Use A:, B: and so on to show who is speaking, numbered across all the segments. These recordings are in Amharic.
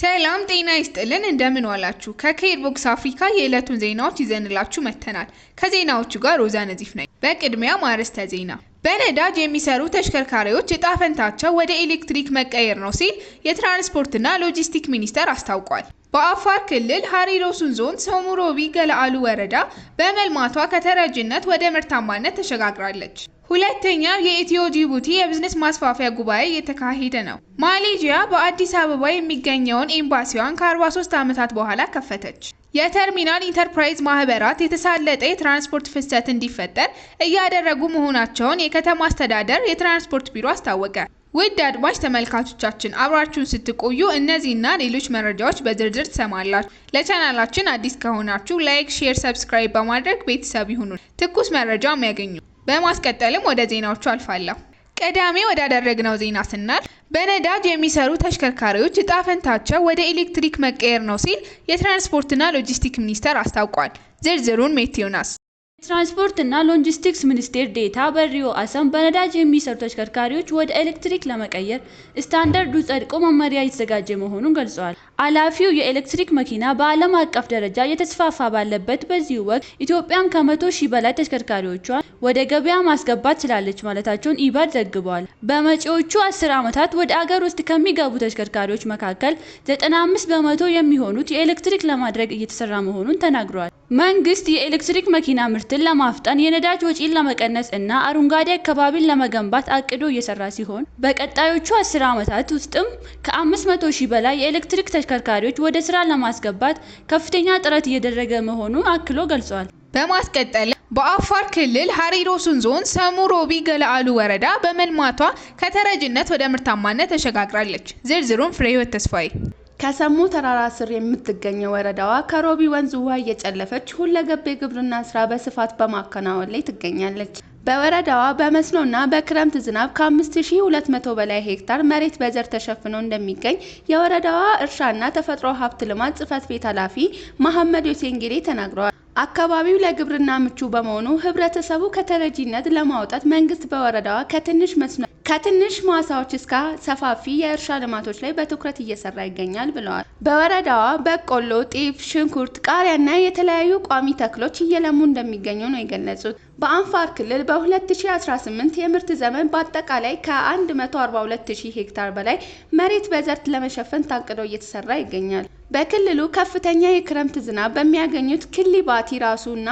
A: ሰላም ጤና ይስጥልን፣ እንደምን ዋላችሁ። ከኬር ቦክስ አፍሪካ የዕለቱን ዜናዎች ይዘንላችሁ መጥተናል። ከዜናዎቹ ጋር ሮዛ ነዚፍ ነኝ። በቅድሚያ ማረስተ ዜና። በነዳጅ የሚሰሩ ተሽከርካሪዎች እጣ ፈንታቸው ወደ ኤሌክትሪክ መቀየር ነው ሲል የትራንስፖርትና ሎጂስቲክ ሚኒስቴር አስታውቋል። በአፋር ክልል ሀሪሮሱን ዞን ሶሙሮቢ ገላአሉ ወረዳ በመልማቷ ከተረጅነት ወደ ምርታማነት ተሸጋግራለች። ሁለተኛው የኢትዮ ጂቡቲ የቢዝነስ ማስፋፊያ ጉባኤ እየተካሄደ ነው። ማሌዥያ በአዲስ አበባ የሚገኘውን ኤምባሲዋን ከ43 ዓመታት በኋላ ከፈተች። የተርሚናል ኢንተርፕራይዝ ማህበራት የተሳለጠ የትራንስፖርት ፍሰት እንዲፈጠር እያደረጉ መሆናቸውን የከተማ አስተዳደር የትራንስፖርት ቢሮ አስታወቀ። ውድ አድማጭ ተመልካቾቻችን አብራችሁን ስትቆዩ እነዚህና ሌሎች መረጃዎች በዝርዝር ትሰማላችሁ። ለቻናላችን አዲስ ከሆናችሁ ላይክ፣ ሼር፣ ሰብስክራይብ በማድረግ ቤተሰብ ይሁኑ። ትኩስ መረጃም ያገኙ። በማስቀጠልም ወደ ዜናዎቹ አልፋለሁ። ቀዳሜ ወዳደረግነው ዜና ስናል በነዳጅ የሚሰሩ ተሽከርካሪዎች እጣ ፈንታቸው ወደ ኤሌክትሪክ መቀየር ነው ሲል የትራንስፖርትና ሎጂስቲክ ሚኒስቴር አስታውቋል። ዝርዝሩን ሜቴዮናስ
B: እና ሎጂስቲክስ ሚኒስቴር ዴታ በሪዮ አሰም በነዳጅ የሚሰሩ ተሽከርካሪዎች ወደ ኤሌክትሪክ ለመቀየር ስታንዳርዱ ጸድቆ መመሪያ እየተዘጋጀ መሆኑን ገልጸዋል። አላፊው የኤሌክትሪክ መኪና በዓለም አቀፍ ደረጃ እየተስፋፋ ባለበት በዚህ ወቅት ኢትዮጵያም ከመቶ ሺህ በላይ ተሽከርካሪዎቿን ወደ ገበያ ማስገባት ችላለች ማለታቸውን ኢባድ ዘግቧል። በመጪዎቹ አስር ዓመታት ወደ አገር ውስጥ ከሚገቡ ተሽከርካሪዎች መካከል 95 በመቶ የሚሆኑት የኤሌክትሪክ ለማድረግ እየተሰራ መሆኑን ተናግሯል። መንግስት የኤሌክትሪክ መኪና ምርት እድገትን ለማፍጠን የነዳጅ ወጪን ለመቀነስ እና አረንጓዴ አካባቢን ለመገንባት አቅዶ እየሰራ ሲሆን በቀጣዮቹ አስር ዓመታት ውስጥም ከ500 ሺህ በላይ የኤሌክትሪክ ተሽከርካሪዎች ወደ ስራ ለማስገባት ከፍተኛ ጥረት እየደረገ መሆኑን አክሎ ገልጿል።
A: በማስቀጠል በአፋር ክልል ሀሪሮ ዞን ሰሙሮ ቢ ገለአሉ ወረዳ በመልማቷ ከተረጅነት ወደ ምርታማነት ተሸጋግራለች። ዝርዝሩን ፍሬህይወት ተስፋዬ
C: ከሰሙ ተራራ ስር የምትገኘው ወረዳዋ ከሮቢ ወንዝ ውሃ እየጨለፈች ሁለገብ የግብርና ስራ በስፋት በማከናወን ላይ ትገኛለች። በወረዳዋ በመስኖና በክረምት ዝናብ ከ5200 በላይ ሄክታር መሬት በዘር ተሸፍኖ እንደሚገኝ የወረዳዋ እርሻና ተፈጥሮ ሀብት ልማት ጽሕፈት ቤት ኃላፊ መሐመድ ዮሴንጌሌ ተናግረዋል። አካባቢው ለግብርና ምቹ በመሆኑ ህብረተሰቡ ከተረጂነት ለማውጣት መንግስት በወረዳዋ ከትንሽ መስኖ ከትንሽ ማሳዎች እስከ ሰፋፊ የእርሻ ልማቶች ላይ በትኩረት እየሰራ ይገኛል ብለዋል። በወረዳዋ በቆሎ፣ ጤፍ፣ ሽንኩርት፣ ቃሪያና የተለያዩ ቋሚ ተክሎች እየለሙ እንደሚገኙ ነው የገለጹት። በአንፋር ክልል በ2018 የምርት ዘመን በአጠቃላይ ከ142,000 ሄክታር በላይ መሬት በዘርት ለመሸፈን ታቅዶ እየተሰራ ይገኛል። በክልሉ ከፍተኛ የክረምት ዝናብ በሚያገኙት ክሊባቲ ራሱ እና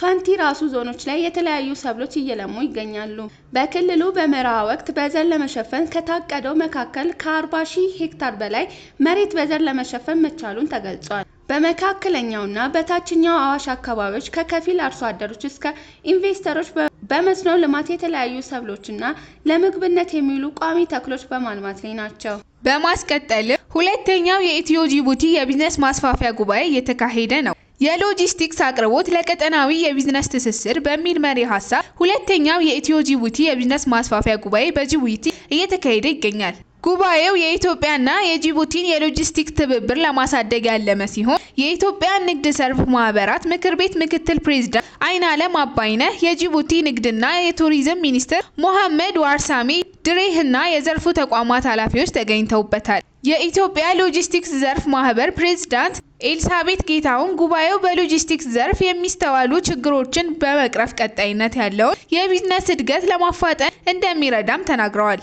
C: ፋንቲ ራሱ ዞኖች ላይ የተለያዩ ሰብሎች እየለሙ ይገኛሉ። በክልሉ በመርሃ ወቅት በዘር ለመሸፈን ከታቀደው መካከል ከ40 ሺህ ሄክታር በላይ መሬት በዘር ለመሸፈን መቻሉን ተገልጿል። በመካከለኛውና በታችኛው አዋሽ አካባቢዎች ከከፊል አርሶ አደሮች እስከ ኢንቨስተሮች በመስኖ ልማት የተለያዩ ሰብሎችና ለምግብነት የሚውሉ ቋሚ ተክሎች በማልማት ላይ ናቸው።
A: በማስቀጠልም ሁለተኛው የኢትዮ ጂቡቲ የቢዝነስ ማስፋፊያ ጉባኤ እየተካሄደ ነው። የሎጂስቲክስ አቅርቦት ለቀጠናዊ የቢዝነስ ትስስር በሚል መሪ ሀሳብ ሁለተኛው የኢትዮ ጂቡቲ የቢዝነስ ማስፋፊያ ጉባኤ በጂቡቲ እየተካሄደ ይገኛል። ጉባኤው የኢትዮጵያና የጅቡቲን የሎጂስቲክ ትብብር ለማሳደግ ያለመ ሲሆን የኢትዮጵያ ንግድ ዘርፍ ማህበራት ምክር ቤት ምክትል ፕሬዝዳንት አይናለም አባይነህ፣ የጅቡቲ ንግድና የቱሪዝም ሚኒስትር ሞሐመድ ዋርሳሚ ድሬህና የዘርፉ ተቋማት ኃላፊዎች ተገኝተውበታል። የኢትዮጵያ ሎጂስቲክስ ዘርፍ ማህበር ፕሬዝዳንት ኤልሳቤት ጌታሁን ጉባኤው በሎጂስቲክስ ዘርፍ የሚስተዋሉ ችግሮችን በመቅረፍ ቀጣይነት ያለውን የቢዝነስ እድገት ለማፋጠን እንደሚረዳም ተናግረዋል።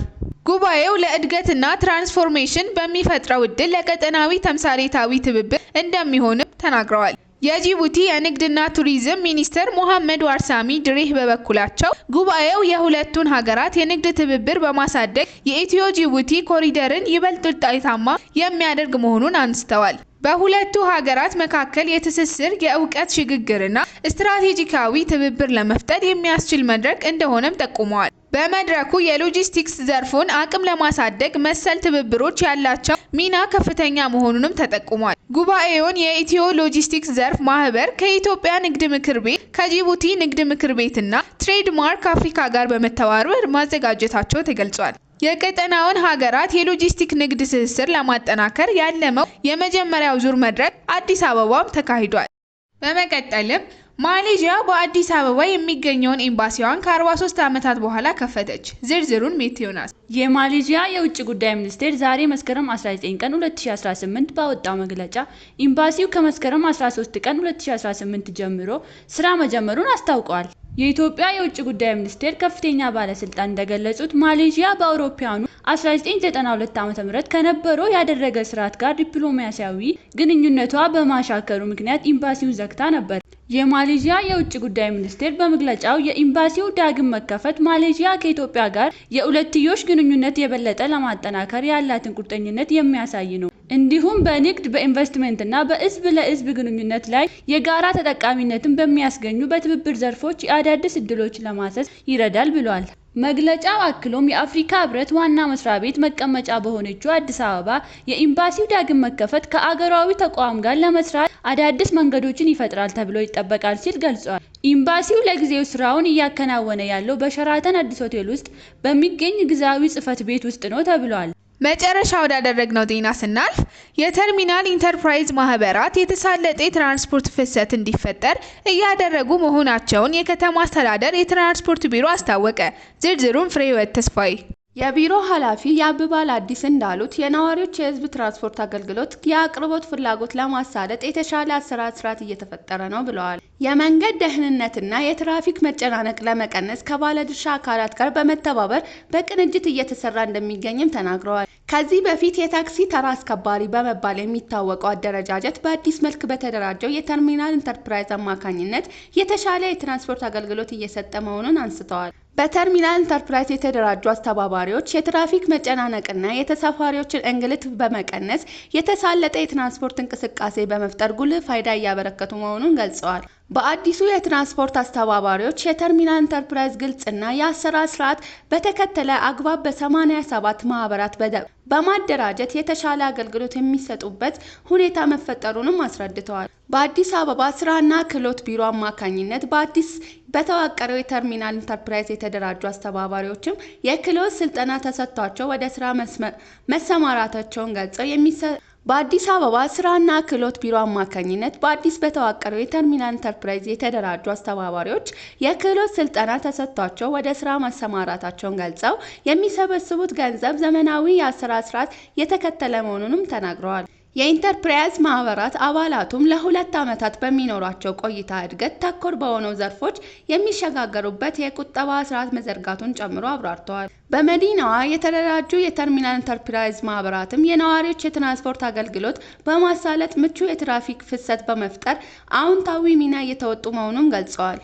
A: ጉባኤው ለእድገትና ትራንስፎርሜሽን በሚፈጥረው እድል ለቀጠናዊ ተምሳሌታዊ ትብብር እንደሚሆንም ተናግረዋል። የጅቡቲ የንግድና ቱሪዝም ሚኒስትር ሞሐመድ ዋርሳሚ ድሬህ በበኩላቸው ጉባኤው የሁለቱን ሀገራት የንግድ ትብብር በማሳደግ የኢትዮ ጅቡቲ ኮሪደርን ይበልጥ ውጤታማ የሚያደርግ መሆኑን አንስተዋል። በሁለቱ ሀገራት መካከል የትስስር የእውቀት ሽግግርና ስትራቴጂካዊ ትብብር ለመፍጠር የሚያስችል መድረክ እንደሆነም ጠቁመዋል። በመድረኩ የሎጂስቲክስ ዘርፉን አቅም ለማሳደግ መሰል ትብብሮች ያላቸው ሚና ከፍተኛ መሆኑንም ተጠቁሟል። ጉባኤውን የኢትዮ ሎጂስቲክስ ዘርፍ ማህበር ከኢትዮጵያ ንግድ ምክር ቤት፣ ከጅቡቲ ንግድ ምክር ቤትና ትሬድማርክ አፍሪካ ጋር በመተባበር ማዘጋጀታቸው ተገልጿል። የቀጠናውን ሀገራት የሎጂስቲክ ንግድ ትስስር ለማጠናከር ያለመው የመጀመሪያው ዙር መድረክ አዲስ አበባም ተካሂዷል። በመቀጠልም ማሌዥያ በአዲስ አበባ የሚገኘውን ኤምባሲዋን ከ43 ዓመታት በኋላ ከፈተች። ዝርዝሩን ሜቴዮናስ።
D: የማሌዥያ የውጭ ጉዳይ ሚኒስቴር ዛሬ መስከረም 19 ቀን 2018 ባወጣው መግለጫ ኤምባሲው ከመስከረም 13 ቀን 2018 ጀምሮ ስራ መጀመሩን አስታውቋል። የኢትዮጵያ የውጭ ጉዳይ ሚኒስቴር ከፍተኛ ባለስልጣን እንደገለጹት ማሌዥያ በአውሮፓውያኑ 1992 ዓ.ም ከነበረው ያደረገ ስርዓት ጋር ዲፕሎማሲያዊ ግንኙነቷ በማሻከሩ ምክንያት ኤምባሲውን ዘግታ ነበር። የማሌዥያ የውጭ ጉዳይ ሚኒስቴር በመግለጫው የኤምባሲው ዳግም መከፈት ማሌዥያ ከኢትዮጵያ ጋር የሁለትዮሽ ግንኙነት የበለጠ ለማጠናከር ያላትን ቁርጠኝነት የሚያሳይ ነው እንዲሁም በንግድ በኢንቨስትመንትና በህዝብ ለህዝብ ግንኙነት ላይ የጋራ ተጠቃሚነትን በሚያስገኙ በትብብር ዘርፎች የአዳዲስ እድሎችን ለማሰስ ይረዳል ብሏል። መግለጫው አክሎም የአፍሪካ ህብረት ዋና መስሪያ ቤት መቀመጫ በሆነችው አዲስ አበባ የኤምባሲው ዳግም መከፈት ከአገራዊ ተቋም ጋር ለመስራት አዳዲስ መንገዶችን ይፈጥራል ተብሎ ይጠበቃል ሲል ገልጿል። ኤምባሲው ለጊዜው ስራውን እያከናወነ ያለው በሸራተን አዲስ ሆቴል ውስጥ በሚገኝ ግዛዊ ጽፈት ቤት ውስጥ ነው ተብሏል።
A: መጨረሻ ወዳደረግነው ዜና ስናልፍ የተርሚናል ኢንተርፕራይዝ ማህበራት የተሳለጠ የትራንስፖርት ፍሰት እንዲፈጠር እያደረጉ መሆናቸውን የከተማ አስተዳደር የትራንስፖርት ቢሮ አስታወቀ። ዝርዝሩን ፍሬህይወት ተስፋዬ።
B: የቢሮ ኃላፊ የአብባል አዲስ እንዳሉት የነዋሪዎች የህዝብ ትራንስፖርት አገልግሎት የአቅርቦት ፍላጎት ለማሳለጥ የተሻለ አሰራር ስርዓት እየተፈጠረ ነው ብለዋል። የመንገድ ደህንነትና የትራፊክ መጨናነቅ ለመቀነስ ከባለድርሻ አካላት ጋር በመተባበር በቅንጅት እየተሰራ እንደሚገኝም ተናግረዋል። ከዚህ በፊት የታክሲ ተራ አስከባሪ በመባል የሚታወቀው አደረጃጀት በአዲስ መልክ በተደራጀው የተርሚናል ኢንተርፕራይዝ አማካኝነት የተሻለ የትራንስፖርት አገልግሎት እየሰጠ መሆኑን አንስተዋል። በተርሚናል ኢንተርፕራይዝ የተደራጁ አስተባባሪዎች የትራፊክ መጨናነቅና የተሳፋሪዎችን እንግልት በመቀነስ የተሳለጠ የትራንስፖርት እንቅስቃሴ በመፍጠር ጉልህ ፋይዳ እያበረከቱ መሆኑን ገልጸዋል። በአዲሱ የትራንስፖርት አስተባባሪዎች የተርሚናል ኢንተርፕራይዝ ግልጽና የአሰራር ስርዓት በተከተለ አግባብ በ ሰባት ማህበራት በማደራጀት የተሻለ አገልግሎት የሚሰጡበት ሁኔታ መፈጠሩንም አስረድተዋል። በአዲስ አበባ ስራና ክህሎት ቢሮ አማካኝነት በአዲስ በተዋቀረው የተርሚናል ኢንተርፕራይዝ የተደራጁ አስተባባሪዎችም የክህሎት ስልጠና ተሰጥቷቸው ወደ ስራ መሰማራታቸውን ገልጸው የሚሰ በአዲስ አበባ ስራና ክህሎት ቢሮ አማካኝነት በአዲስ በተዋቀረው የተርሚናል ኢንተርፕራይዝ የተደራጁ አስተባባሪዎች የክህሎት ስልጠና ተሰጥቷቸው ወደ ስራ መሰማራታቸውን ገልጸው የሚሰበስቡት ገንዘብ ዘመናዊ የአሰራር ስርዓት የተከተለ መሆኑንም ተናግረዋል። የኢንተርፕራይዝ ማህበራት አባላቱም ለሁለት ዓመታት በሚኖራቸው ቆይታ እድገት ተኮር በሆነው ዘርፎች የሚሸጋገሩበት የቁጠባ ስርዓት መዘርጋቱን ጨምሮ አብራርተዋል። በመዲናዋ የተደራጁ የተርሚናል ኢንተርፕራይዝ ማህበራትም የነዋሪዎች የትራንስፖርት አገልግሎት በማሳለጥ ምቹ የትራፊክ ፍሰት በመፍጠር አዎንታዊ ሚና እየተወጡ መሆኑን ገልጸዋል።